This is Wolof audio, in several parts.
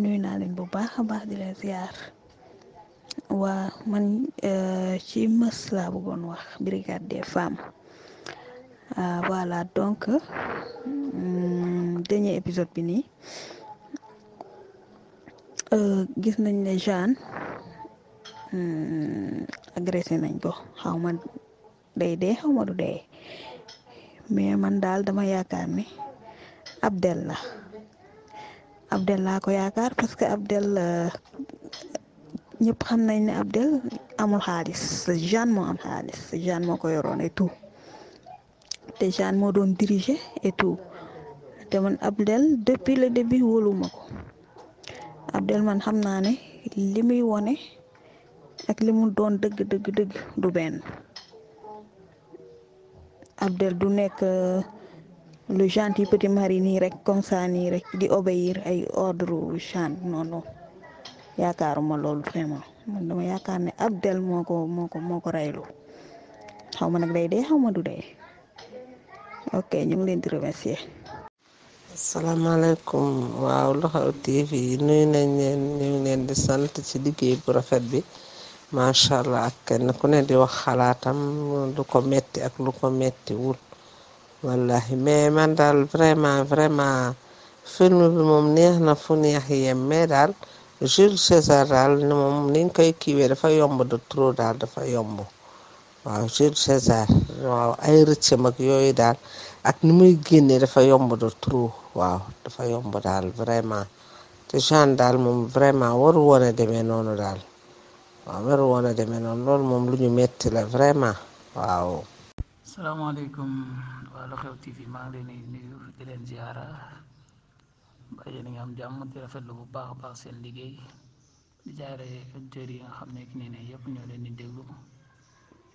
nuyu naa leen bu baax a baax di lee ziar waa man euh, ci mës laa bëggoon wax brigade des femmes euh, voilà donc hmm, dernier épisode bi nii euh, gis nañ ne Jeanne hmm, agressé nañ ko xaw ma day dee xaw ma du dee mais man daal dama yaakaar ni Abdel la Abdel laa ko yaakaar parce que Abdel euh, ñëpp xam nañ ne Abdel amul xaalis Jeanne moo am xaalis Jeanne moo ko yoroon et te Jeanne moo doon diriger et tout te man Abdel depuis le début wóoluma ko Abdel man xam naa ne li muy wone ak li mu doon dëgg dëgg dëgg du Abdel du nekk. Euh, lu le gentil petit mari nii rek comme ça nii rek di obéir ay ordre chant non non loolu vraiment man dama yaakaar ne Abdel moo ko reylu xaw ma nag day dee xaw ma du dee ok ñu ngi leen di remercier. asalaamaaleykum waaw Lu Xew TV nuyu nañ ñu ngi di sant ci liggéey bu rafet bi macha allah ak kenn ku ne di wax xalaatam lu ko metti ak lu ko mettiwul. wallahi mais man daal vraiment vraiment film bi moom neex na fu neex yem mais daal Jules César daal moom niñ koy kiiwee dafa yomb de trop daal dafa yomb waaw Jules César waaw ay rëccam ak yooyu daal ak ni muy génnee dafa yomb de trop waaw dafa yomb daal vraiment te Jeanne daal moom vraiment waru woon a demee noonu daal waaw waru woon a demee noonu loolu moom lu ñu metti la vraiment waaw. salaamaaleykum waa Lu Xew TV maa ngi leen di nuyu di leen ziara ba yéen a ngi am jàmm di rafetlu bu baax a baax seen liggéey di jaare yi nga xam ne ki ne ne yëpp ñoo leen di déglu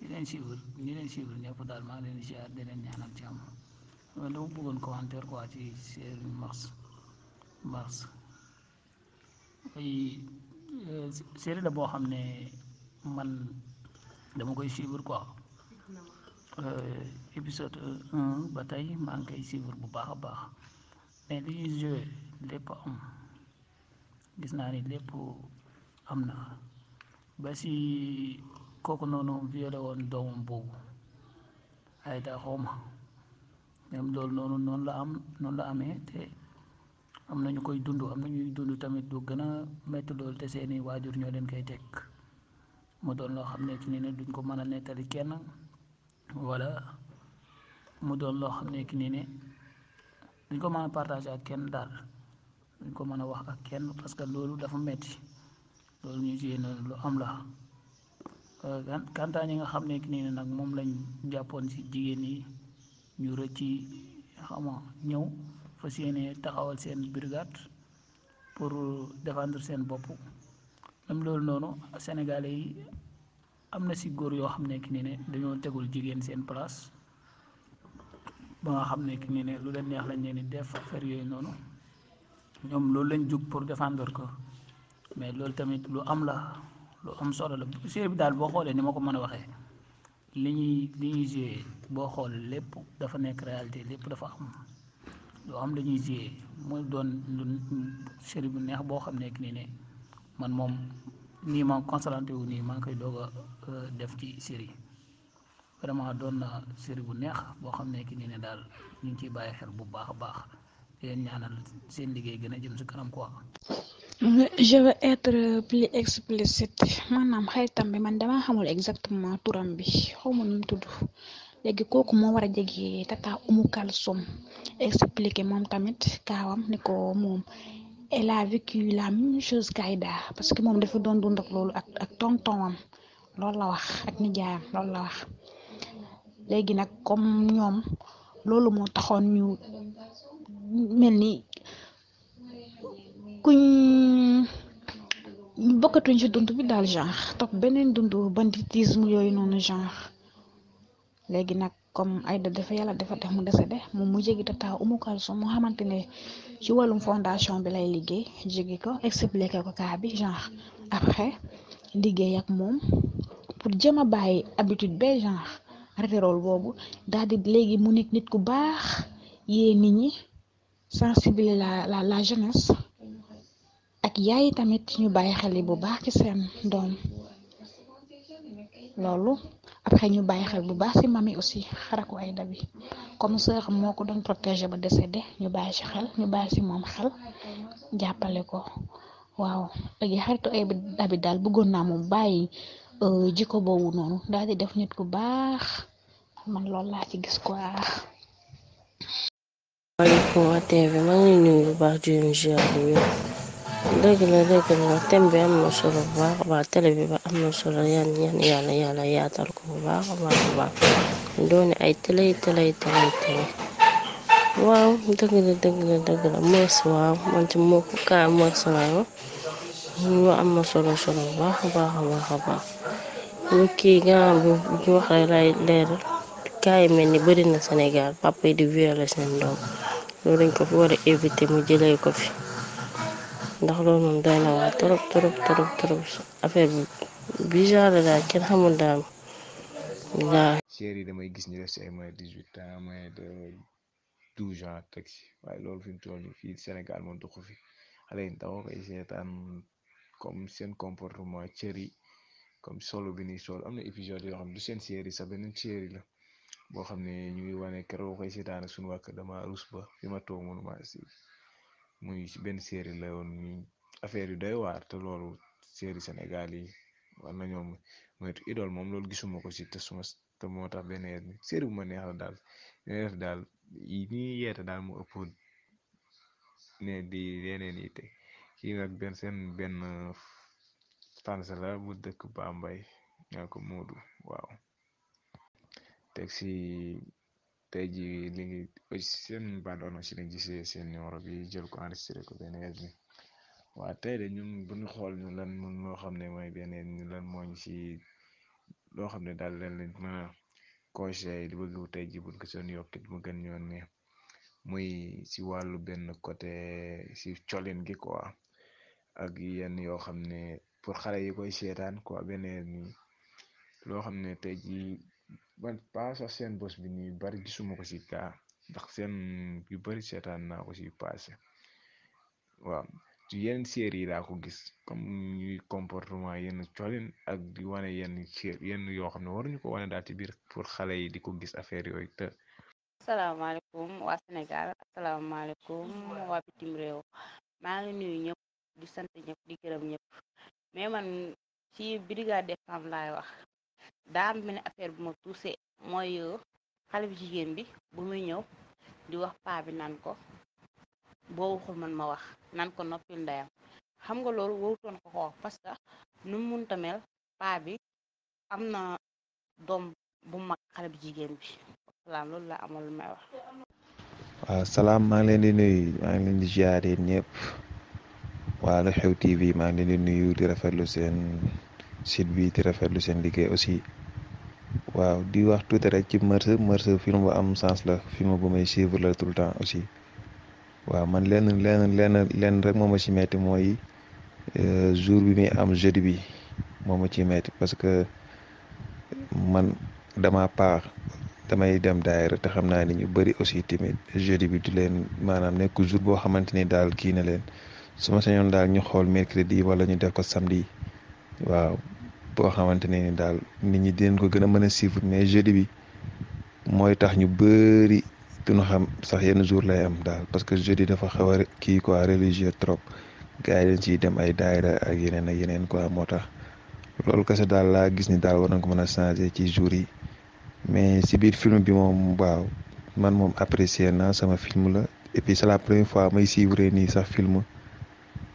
di leen siiwul ñi leen siiwul ñëpp daal maa ngi leen di ziar di leen ñaanal jàmm man dama bëggoon commentaire quoi ci seen mars mars ay euh, série la boo xam ne man dama koy suivre quoi Euh, épisode ba tey maa ngi koy suivre bu baax a baax mais li ñuy joué lépp am gis naa ni lépp am na ba si kooku noonu violé woon doomam boobu ay daa xawma même loolu noonu noonu la am noonu la amee te am na ñu koy dund am na ñuy dund tamit du gën a métti loolu te seeni waajur ñoo leen koy teg mu doon loo xam ne fi ne duñ ko mën a nettali kenn. wala mu doon loo xam ne ki nii ne duñ ko mën a partage ak kenn daal duñ ko mën a wax ak kenn parce que loolu dafa metti loolu ñu ci ne lu am la euh, kantaa ñi nga xam ne ki nii ne nag moom lañu jàppoon si jigéen yi ñu rëcc xama ñëw fas yéene taxawal seen brigade pour euh, défendre seen bopp même loolu noonu Sénégalais yi am na si góor yoo xam ne ki ne dañoo tegul jigéen seen place ba nga xam ne ki ne ne lu leen neex lañ leen di def affaire yooyu noonu ñoom loolu lañ jug pour défendre ko mais loolu tamit lu am la lu am solo la série bi daal boo xoolee ni ma ko mën a waxee li ñuy li ñuy joué boo xool lépp dafa nekk réalité lépp dafa am lu am la ñuy joué muy doon lu série neex boo xam ne ki ne ne man moom. nii ma concentré wu nii maa ngi koy doog euh, def ci série vraiment doon na série bu neex boo xam ne ki nii ne daal ñu ngi ciy bàyyi xel bu baax a baax di leen ñaanal seen liggéey gën a jëm si kanam quoi. je veux être plus maanaam xaritam bi man damaa xamul exactement turam bi xaw ma nu mu tudd léegi kooku moo war a jege tata Umu Kalsum expliqué moom tamit kaawam ni ko moom. elle a vécu la même chose qu'Aïda parce que moom dafa doon dund loolu ak ak tontonam loolu la wax ak nijaayam loolu la wax léegi nag comme ñoom loolu moo taxoon ñu mel ni kuñ bokkatuñ ci dund bi daal genre topp beneen dund banditisme yooyu noonu genre léegi nag comme Aïda dafa yàlla dafa def mu de moom mu jéggi tata Umu Kalsum mu xamante ne ci wàllum fondation bi lay liggéey jéggi ko expliqué ko kaa bi genre après liggéey ak moom pour jëm a bàyyi habitude bee genre rétérol boobu daal léegi mu nit nit ku baax yee nit ñi sensibiliser la la la jeunesse ak yaay tamit ñu bàyyi xel bu baax ci seen doom loolu. après ñu bàyyi xel bu baax ci mami aussi xaraku ay dabi comme sœur moo ko doon protégé ba décédé ñu bàyyi ci xel ñu bàyyi ci moom xel jàppale ko waaw léegi xaritu ay dabi daal bëggoon naa moom bàyyi euh, jikko boobu noonu daal di def nit ku baax man loolu laa ci gis quoi. waaleykum TV maa ngi nuyu bu baax di leen ziar bu wér. dëgg la dëgg la thème bi am na solo bu baax baax télé bi ba am na solo yan yan yaatal ko bu baax baax baax doone ay télé télé télé télé waaw dëgg la dëgg la dëgg la mës waaw man ci moo ko kaa mës laay wax ñu am na solo solo bu baax baax baax baax kii gannaaw bi wax lay leeral kaa yi mel ni bëri na Sénégal papa yi di violé seen doom loolu dañ ko fi war a éviter mu jëlee ko fi ndax loolu moom doy na waar trop trop trop trop affaire bi genre daal kenn xamul daal waaw. yi damay gis ni def si ay moins dix huit ans moins de douze ans teg waaye loolu fi mu fii Sénégal moom doxu fi xale yi ndaw koy seetaan comme seen comportement cër comme solo bi ni sol am na épisode yoo xam du seen série sax beneen série la boo xam ne ñu ngi wane keroog koy seetaan ak sunu wàkk dama rus ba fi ma toog muy benn série la woon affaire yu doy waar te loolu série Sénégal yi war nañoo moytu idole moom loolu gisuma ko si te suma te moo tax benn série bu ma neex la daal neex daal yi daal mu ëpp ne di yeneen yi te kii nag benn seen benn fans la bu dëkk Bambey ñoo ko Moodu waaw teg tey jii li ngi seen bande annonce lañ gisee seen numéro bi jël ko enregistré ko benn yàgg bi waaw tey de ñun bu ñu xool ñu lan mun loo xam ne mooy beneen ñu lan mooñ loo xam ne daal leen lañ mën a di bëgg tey jii buñ ko seen yokkit mu gën ñoon ne muy si wàllu benn côté si colin gi quoi ak yenn yoo xam ne pour xale yi koy seetaan quoi beneen loo xam ne tey man paas sax seen bos bi nii bari gisuma ko ci kaa ndax seen yu bari seetaan naa ko ci passé waaw ci yenn série yi laa ko gis comme ñuy comportement yenn colin ak di wane yenn yenn yoo xam ne waruñu ko wane daal ci biir pour xale yi di ko gis affaire yooyu te asalaamaaleykum waa Sénégal asalaamaaleykum waa bitim réew maa ngi nuyu di sant ñëpp di gërëm ñëpp mais ci brigade des laay wax daa am benn affaire bu ma touché mooy euh, xale bu jigéen bi bu muy ñëw di wax paa bi naan ko boo waxul man ma wax naan ko noppil ndeyam xam nga loolu wowutoon ko ko wax parce que nu munta mel paa bi am na doom bu mag xale bu jigéen bi salaam loolu la amal lu salaam maa ngi leen di nuyu maa ngi leen di ziare ñëpp waa Lu Xew TV maa leen di nuyu di rafetlu seen site bi di rafetlu seen liggéey aussi waaw di wax tuuti rek ci Mœurs Mœurs film bu am sens la film bu may suivre la tout le temps aussi waaw man lenn lenn lenn lenn rek moo ma ci metti mooy euh, jour bi muy am jeudi bi moo ma ciy metti parce que man dama paax damay dem daayira te xam naa ni ñu bëri aussi tamit jeudi bi di leen maanaam nekk jour boo xamante ni daal kii na leen su ma daal ñu xool mercredi wala ñu def ko samedi. waaw boo xamante ne ni daal nit ñi dinañ ko gën a mën a suivre mais jeudi bi mooy tax ñu bëri duñu xam sax yen jour lay am daal parce que jeudi dafa xew a kii quoi religieux trop gars yi dañ dem ay daayira ak yeneen ak yeneen quoi moo tax loolu kese daal laa gis ni daal war nañ ko mën a changer ci jour yi mais si biir film bi moom waaw man moom apprécier naa sama film la et puis c'est la première fois may suivre nii sax film.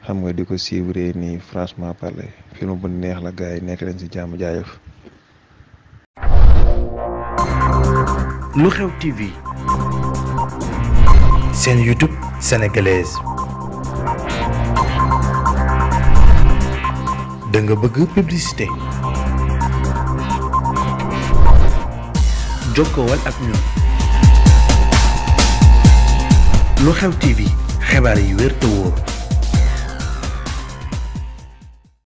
xam nga di ko suivre nii franchement parler film bu neex la gars yi nekk leen ci jàmm jaayëf. lu xew TV seen YouTube sénégalaise da nga bëgg publicité jokkool ak ñun lu xew TV xibaar yi wér te